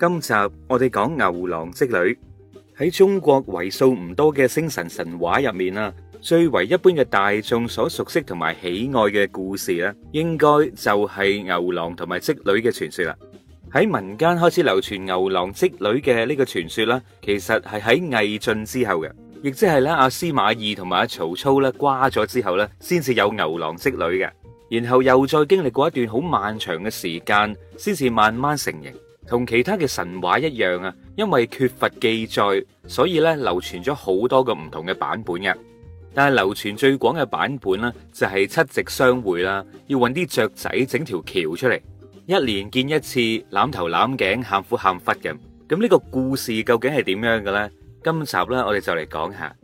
今集我哋講牛郎織女喺中國為數唔多嘅星神神話入面啊，最為一般嘅大眾所熟悉同埋喜愛嘅故事咧，應該就係牛郎同埋織女嘅傳說啦。喺民間開始流傳牛郎織女嘅呢個傳說啦，其實係喺魏晉之後嘅，亦即係咧阿司馬懿同埋阿曹操咧瓜咗之後咧，先至有牛郎織女嘅，然後又再經歷過一段好漫長嘅時間，先至慢慢成型。同其他嘅神話一樣啊，因為缺乏記載，所以咧流傳咗好多個唔同嘅版本嘅、啊。但係流傳最廣嘅版本呢、啊，就係、是、七夕相會啦，要揾啲雀仔整條橋出嚟，一年見一次，攬頭攬頸，喊苦喊忽咁。咁呢個故事究竟係點樣嘅咧？今集咧，我哋就嚟講下。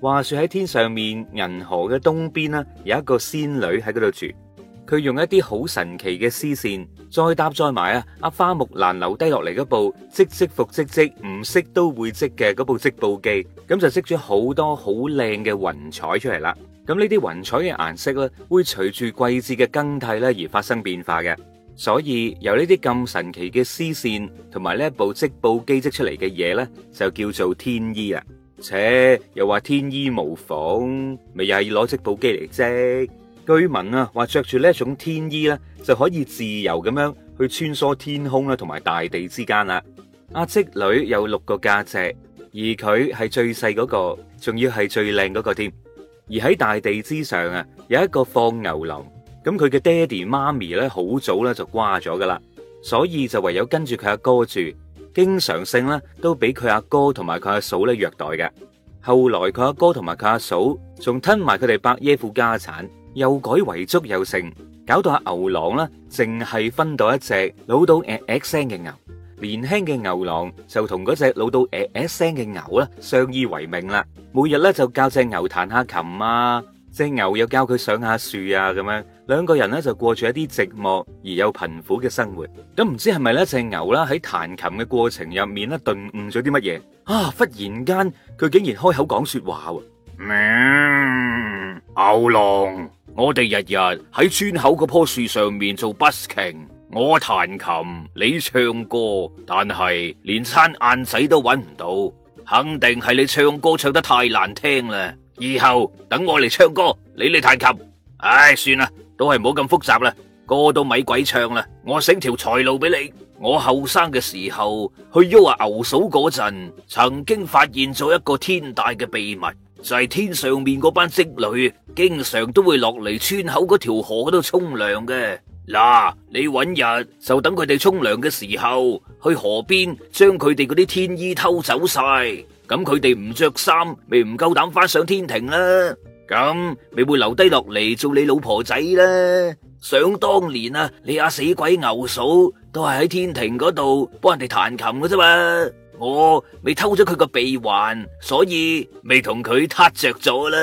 話説喺天上面銀河嘅東邊呢，有一個仙女喺嗰度住。佢用一啲好神奇嘅絲線，再搭再埋啊！阿花木蘭留低落嚟嗰部唧唧復唧唧唔識都會織嘅嗰部織布機，咁就織咗好多好靚嘅雲彩出嚟啦。咁呢啲雲彩嘅顏色咧，會隨住季節嘅更替咧而發生變化嘅。所以由呢啲咁神奇嘅絲線同埋呢一部織布機織出嚟嘅嘢咧，就叫做天衣啊！且又話天衣無縫，咪又係攞織布機嚟織。居民啊，話着住呢一種天衣咧，就可以自由咁樣去穿梭天空啦，同埋大地之間啦。阿織女有六個家姐，而佢係最細嗰個，仲要係最靚嗰個添。而喺大地之上啊，有一個放牛郎。咁佢嘅爹哋媽咪咧，好早咧就瓜咗噶啦，所以就唯有跟住佢阿哥住，經常性咧都俾佢阿哥同埋佢阿嫂咧虐待嘅。後來佢阿哥同埋佢阿嫂仲吞埋佢哋伯爺父家產。又改為捉又成，搞到阿牛郎咧，淨係分到一隻老到誒 X 聲嘅牛，年輕嘅牛郎就同嗰隻老到誒 X 聲嘅牛啦相依為命啦。每日咧就教隻牛彈下琴啊，隻牛又教佢上下樹啊，咁樣兩個人咧就過住一啲寂寞而又貧苦嘅生活。咁唔知係咪呢隻牛啦喺彈琴嘅過程入面咧頓悟咗啲乜嘢啊？忽然間佢竟然開口講說話喎、啊，牛郎。我哋日日喺村口嗰棵樹上面做 busking，我彈琴，你唱歌，但係連餐晏仔都搵唔到，肯定係你唱歌唱得太難聽啦！以後等我嚟唱歌，你嚟彈琴。唉、哎，算啦，都係冇咁複雜啦，歌都咪鬼唱啦，我整條財路俾你。我後生嘅時候去喐阿牛嫂嗰陣，曾經發現咗一個天大嘅秘密。就係天上面嗰班織女，經常都會落嚟村口嗰條河嗰度沖涼嘅。嗱、啊，你揾日就等佢哋沖涼嘅時候，去河邊將佢哋嗰啲天衣偷走晒，咁佢哋唔着衫，咪唔夠膽翻上天庭啦。咁咪會留低落嚟做你老婆仔啦。想當年啊，你阿、啊、死鬼牛嫂都係喺天庭嗰度幫人哋彈琴嘅啫嘛。我未偷咗佢個鼻環，所以未同佢撻着咗啦。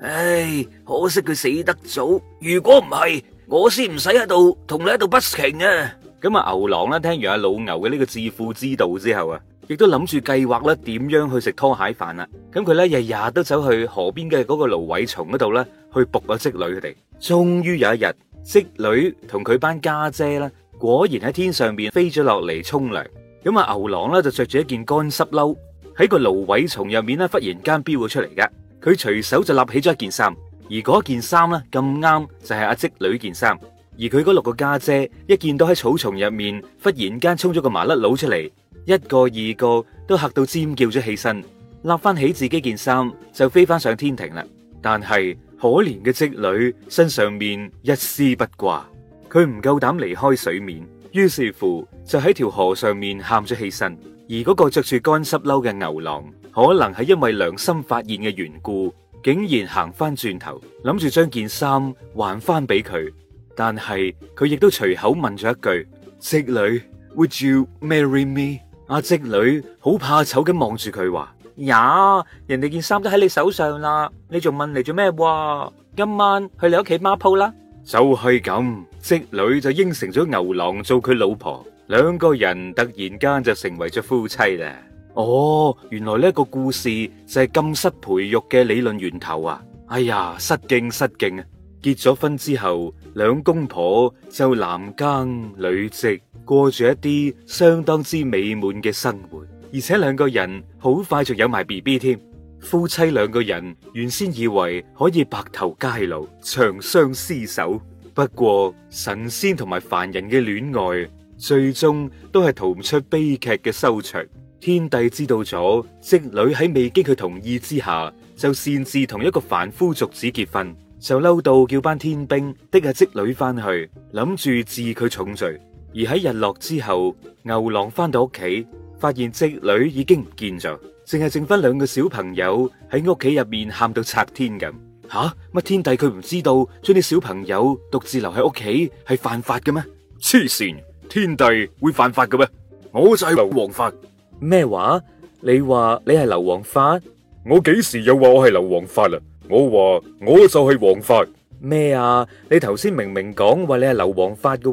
唉，可惜佢死得早。如果唔係，我先唔使喺度同你喺度不停啊！咁啊，牛郎啦，聽完阿老牛嘅呢個致富之道之後啊，亦都諗住計劃啦，點樣去食拖鞋飯啦？咁佢咧日日都走去河邊嘅嗰個蘆葦叢嗰度咧，去捕個織女佢哋。終於有一日，織女同佢班家姐咧，果然喺天上邊飛咗落嚟沖涼。咁啊，牛郎咧就着住一件乾濕褸喺個蘆葦叢入面咧，忽然間飆咗出嚟嘅。佢隨手就立起咗一件衫，而嗰件衫咧咁啱就係阿織女件衫。而佢嗰六個家姐一見到喺草叢入面忽然間衝咗個麻甩佬出嚟，一個二個都嚇到尖叫咗起身，立翻起自己件衫就飛翻上天庭啦。但係可憐嘅織女身上面一絲不掛，佢唔夠膽離開水面。於是乎，就喺條河上面喊咗起身，而嗰個着住乾濕褸嘅牛郎，可能係因為良心發現嘅緣故，竟然行翻轉頭，諗住將件衫還翻俾佢。但係佢亦都隨口問咗一句：織女，Would you marry me？阿織女好怕醜咁望住佢話：呀，人哋件衫都喺你手上啦，你仲問嚟做咩？話今晚去你屋企孖鋪啦。就係咁，織女就應承咗牛郎做佢老婆，兩個人突然間就成為咗夫妻啦。哦，原來呢個故事就係禁室培育嘅理論源頭啊！哎呀，失敬失敬啊！結咗婚之後，兩公婆就男耕女織，過住一啲相當之美滿嘅生活，而且兩個人好快就有埋 B B 添。夫妻兩個人原先以為可以白頭偕老、長相廝守，不過神仙同埋凡人嘅戀愛，最終都係逃唔出悲劇嘅收場。天帝知道咗織女喺未經佢同意之下就擅自同一個凡夫俗子結婚，就嬲到叫班天兵的阿織女翻去，諗住治佢重罪。而喺日落之後，牛郎翻到屋企，發現織女已經唔見咗。淨係剩翻兩個小朋友喺屋企入面喊到拆天咁，吓、啊、乜天帝佢唔知道將啲小朋友獨自留喺屋企係犯法嘅咩？黐線，天帝會犯法嘅咩？我就係劉皇發。咩話？你話你係劉皇發？我幾時又話我係劉皇發啦？我話我就係王法咩啊？你頭先明明講話你係劉皇發嘅，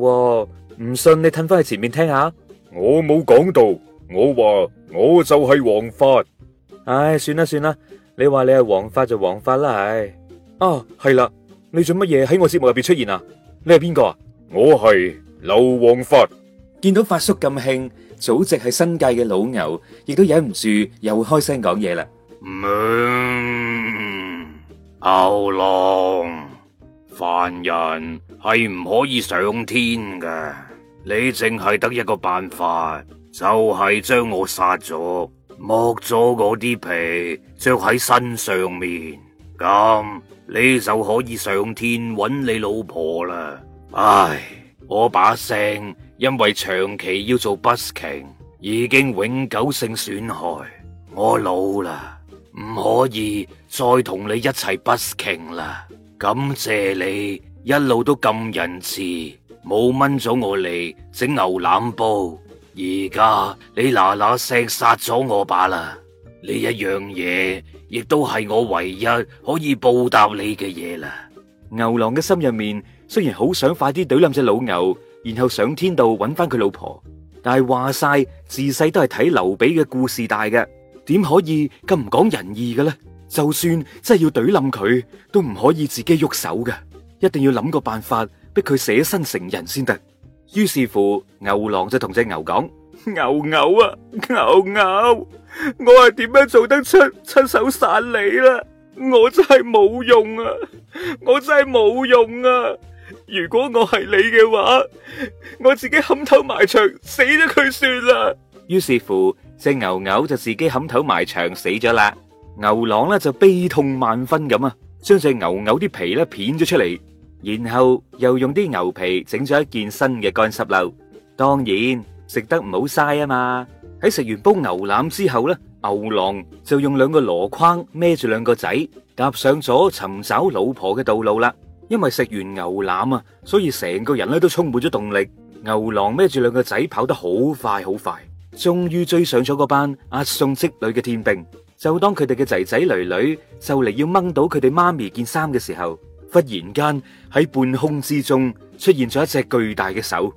唔信你褪翻去前面聽下。我冇講到。我話我就係王法，唉、哎，算啦算啦，你話你係王法就王法啦，唉、哎，啊、哦，係啦，你做乜嘢喺我節目入邊出現啊？你係邊個啊？我係劉王法，見到發叔咁興，祖籍係新界嘅老牛，亦都忍唔住又開聲講嘢啦。嗯，牛郎凡人係唔可以上天嘅，你淨係得一個辦法。就係將我殺咗，剝咗我啲皮着喺身上面，咁你就可以上天揾你老婆啦。唉，我把聲因為長期要做 busking，已經永久性損害，我老啦，唔可以再同你一齊 busking 啦。感謝你一路都咁仁慈，冇掹咗我嚟整牛腩煲。而家你嗱嗱聲殺咗我罷啦，呢一樣嘢亦都係我唯一可以報答你嘅嘢啦。牛郎嘅心入面雖然好想快啲懟冧隻老牛，然後上天度搵翻佢老婆，但係話晒自細都係睇劉備嘅故事大嘅，點可以咁唔講仁義嘅呢？就算真係要懟冧佢，都唔可以自己喐手嘅，一定要諗個辦法逼佢捨身成人先得。於是乎，牛郎就同隻牛講：牛牛啊，牛牛，我係點樣做得出親手殺你啦？我真係冇用啊！我真係冇用啊！如果我係你嘅話，我自己冚頭埋牆死咗佢算啦。於是乎，隻牛牛就自己冚頭埋牆死咗啦。牛郎呢就悲痛萬分咁啊，將隻牛牛啲皮咧片咗出嚟。然後又用啲牛皮整咗一件新嘅乾濕褸。當然食得唔好嘥啊嘛，喺食完煲牛腩之後呢，牛郎就用兩個籮筐孭住兩個仔，踏上咗尋找老婆嘅道路啦。因為食完牛腩啊，所以成個人咧都充滿咗動力。牛郎孭住兩個仔跑得好快好快，終於追上咗嗰班押送織女嘅天兵。就當佢哋嘅仔仔女女就嚟要掹到佢哋媽咪件衫嘅時候，忽然間喺半空之中出現咗一隻巨大嘅手，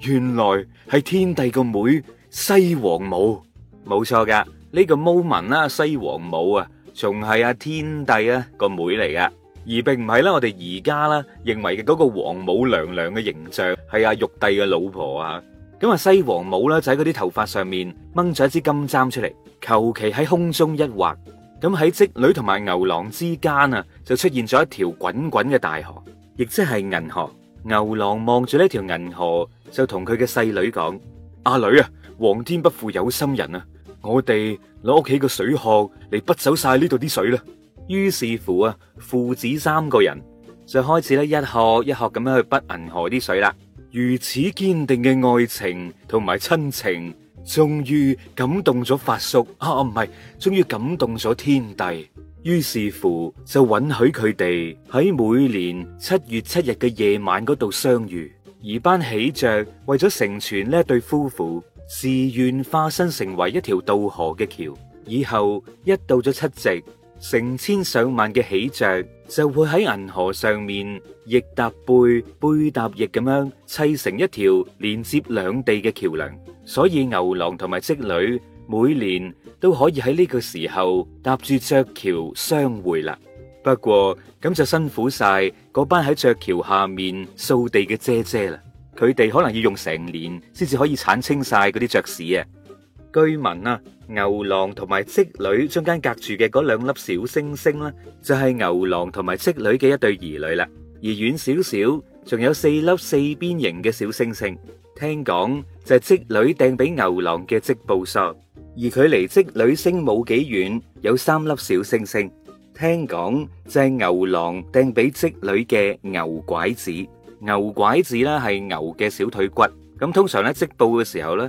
原來係天帝個妹西王母。冇錯噶，呢個 moment 啦，西王母啊，仲係阿天帝啊個妹嚟噶，而並唔係咧我哋而家啦認為嘅嗰個王母娘娘嘅形象係阿玉帝嘅老婆啊，咁啊西王母啦，就喺嗰啲頭髮上面掹咗一支金簪出嚟，求其喺空中一劃。咁喺織女同埋牛郎之間啊，就出現咗一條滾滾嘅大河，亦即係銀河。牛郎望住呢條銀河，就同佢嘅細女講：阿、啊、女啊，皇天不負有心人啊，我哋攞屋企個水殼嚟潷走晒呢度啲水啦。於是乎啊，父子三個人就開始咧一殼一殼咁樣去潷銀河啲水啦。如此堅定嘅愛情同埋親情。終於感動咗發叔，啊啊唔係，終於感動咗天帝。於是乎就允許佢哋喺每年七月七日嘅夜晚嗰度相遇。而班喜鵲為咗成全呢一對夫婦，自願化身成為一條渡河嘅橋。以後一到咗七夕，成千上萬嘅喜鵲。就會喺銀河上面，翼搭背，背搭翼，咁樣砌成一條連接兩地嘅橋樑。所以牛郎同埋織女每年都可以喺呢個時候搭住鵲橋相會啦。不過咁就辛苦晒嗰班喺鵲橋下面掃地嘅姐姐啦。佢哋可能要用成年先至可以鏟清晒嗰啲雀屎啊。居民啊，牛郎同埋織女中間隔住嘅嗰兩粒小星星咧，就係牛郎同埋織女嘅一對兒女啦。而遠少少，仲有四粒四邊形嘅小星星，聽講就係織女掟俾牛郎嘅織布索。而距離織女星冇幾遠，有三粒小星星，聽講就係牛郎掟俾織女嘅牛拐子。牛拐子咧，係牛嘅小腿骨。咁通常咧，織布嘅時候咧，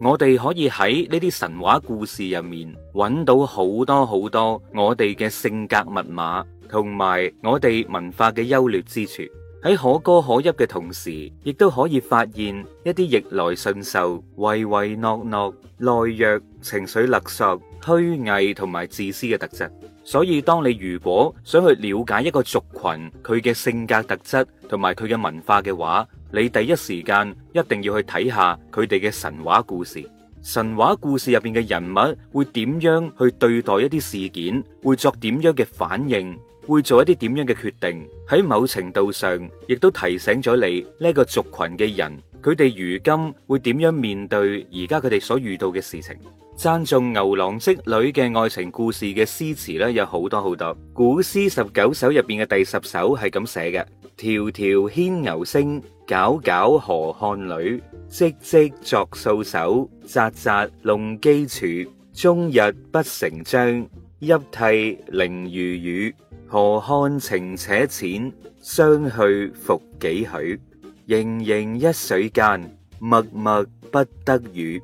我哋可以喺呢啲神話故事入面揾到好多好多我哋嘅性格密碼，同埋我哋文化嘅優劣之處。喺可歌可泣嘅同時，亦都可以發現一啲逆來順受、唯唯諾諾、懦弱、情緒勒索、虛偽同埋自私嘅特質。所以，當你如果想去了解一個族群佢嘅性格特質同埋佢嘅文化嘅話，你第一時間一定要去睇下佢哋嘅神話故事，神話故事入邊嘅人物會點樣去對待一啲事件，會作點樣嘅反應，會做一啲點樣嘅決定。喺某程度上，亦都提醒咗你呢個族群嘅人，佢哋如今會點樣面對而家佢哋所遇到嘅事情。讚頌牛郎織女嘅愛情故事嘅詩詞咧，有好多好多。古詩十九首入邊嘅第十首係咁寫嘅。條條牽牛星，皎皎河漢女，織織作素手，札札弄機杼。終日不成章，泣涕零如雨。河漢情且淺，相去復幾許？盈盈一水間，脈脈不得語。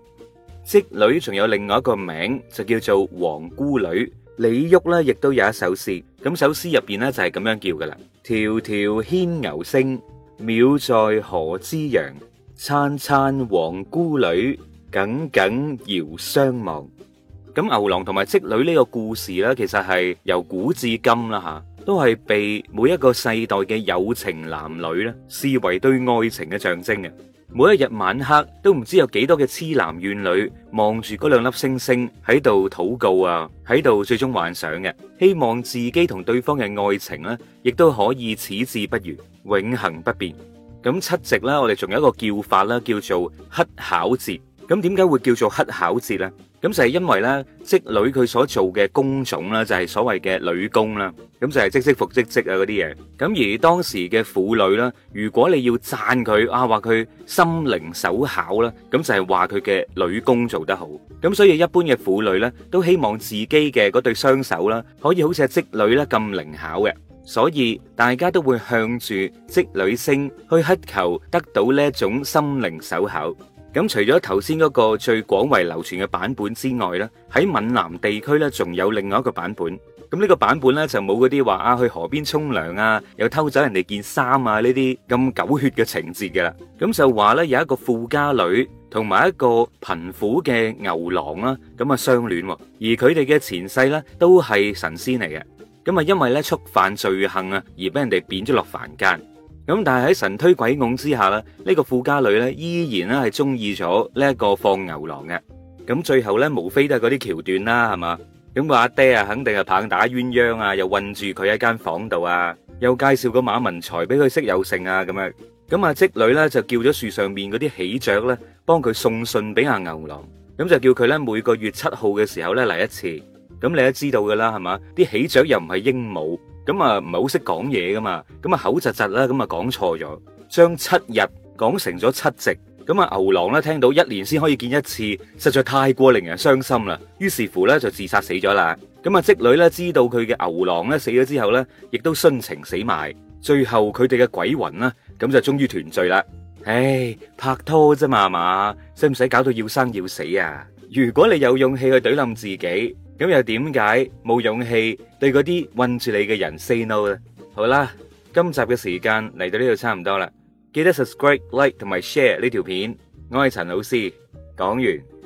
織女仲有另外一個名，就叫做黃姑女。李煜咧，亦都有一首詩，咁首詩入邊咧就係咁樣叫噶啦，迢迢牽牛星，杳在河之陽，粲粲黃姑女，耿耿遙相望。咁牛郎同埋織女呢個故事咧，其實係由古至今啦，吓都係被每一個世代嘅有情男女咧視為對愛情嘅象徵嘅。每一日晚黑都唔知有幾多嘅痴男怨女望住嗰兩粒星星喺度禱告啊，喺度最終幻想嘅，希望自己同對方嘅愛情呢，亦都可以矢志不渝，永恒不變。咁七夕咧，我哋仲有一個叫法啦，叫做乞巧節。咁點解會叫做乞巧節呢？咁就係因為呢織女佢所做嘅工種啦，就係所謂嘅女工啦。咁就係織織服織織啊嗰啲嘢。咁而當時嘅婦女呢，如果你要贊佢啊，話佢心靈手巧啦，咁就係話佢嘅女工做得好。咁所以一般嘅婦女呢，都希望自己嘅嗰對雙手啦，可以好似織女咧咁靈巧嘅。所以大家都會向住織女星去乞求得到呢一種心靈手巧。咁除咗頭先嗰個最廣為流傳嘅版本之外咧，喺閩南地區咧仲有另外一個版本。咁呢個版本咧就冇嗰啲話啊去河邊沖涼啊，又偷走人哋件衫啊，呢啲咁狗血嘅情節嘅啦。咁就話咧，有一個富家女同埋一個貧苦嘅牛郎啦，咁啊相戀。而佢哋嘅前世咧都係神仙嚟嘅。咁啊因為咧觸犯罪行啊，而俾人哋貶咗落凡間。咁但係喺神推鬼拱之下咧，呢個富家女咧依然咧係中意咗呢一個放牛郎嘅。咁最後咧，無非都係嗰啲橋段啦，係嘛。咁阿爹啊，肯定係棒打鴛鴦啊，又困住佢喺間房度啊，又介紹個馬文才俾佢識友情啊，咁啊。咁阿織女咧就叫咗樹上面嗰啲喜鵲咧，幫佢送信俾阿牛郎。咁就叫佢咧每個月七號嘅時候咧嚟一次。咁你都知道噶啦，係嘛？啲喜鵲又唔係鸚鵡。咁啊，唔係好識講嘢噶嘛，咁、嗯、啊口窒窒啦，咁啊講錯咗，將七日講成咗七夕，咁、嗯、啊牛郎咧聽到一年先可以見一次，實在太過令人傷心啦，於是乎咧就自殺死咗啦。咁啊織女咧知道佢嘅牛郎咧死咗之後咧，亦都殉情死埋，最後佢哋嘅鬼魂啦，咁就終於團聚啦。唉，拍拖啫嘛，嘛，使唔使搞到要生要死啊？如果你有勇氣去懟冧自己，咁又點解冇勇氣對嗰啲困住你嘅人 say no 咧？好啦，今集嘅時間嚟到呢度差唔多喇，記得 subscribe、like 同埋 share 呢條片。我係陳老師，講完。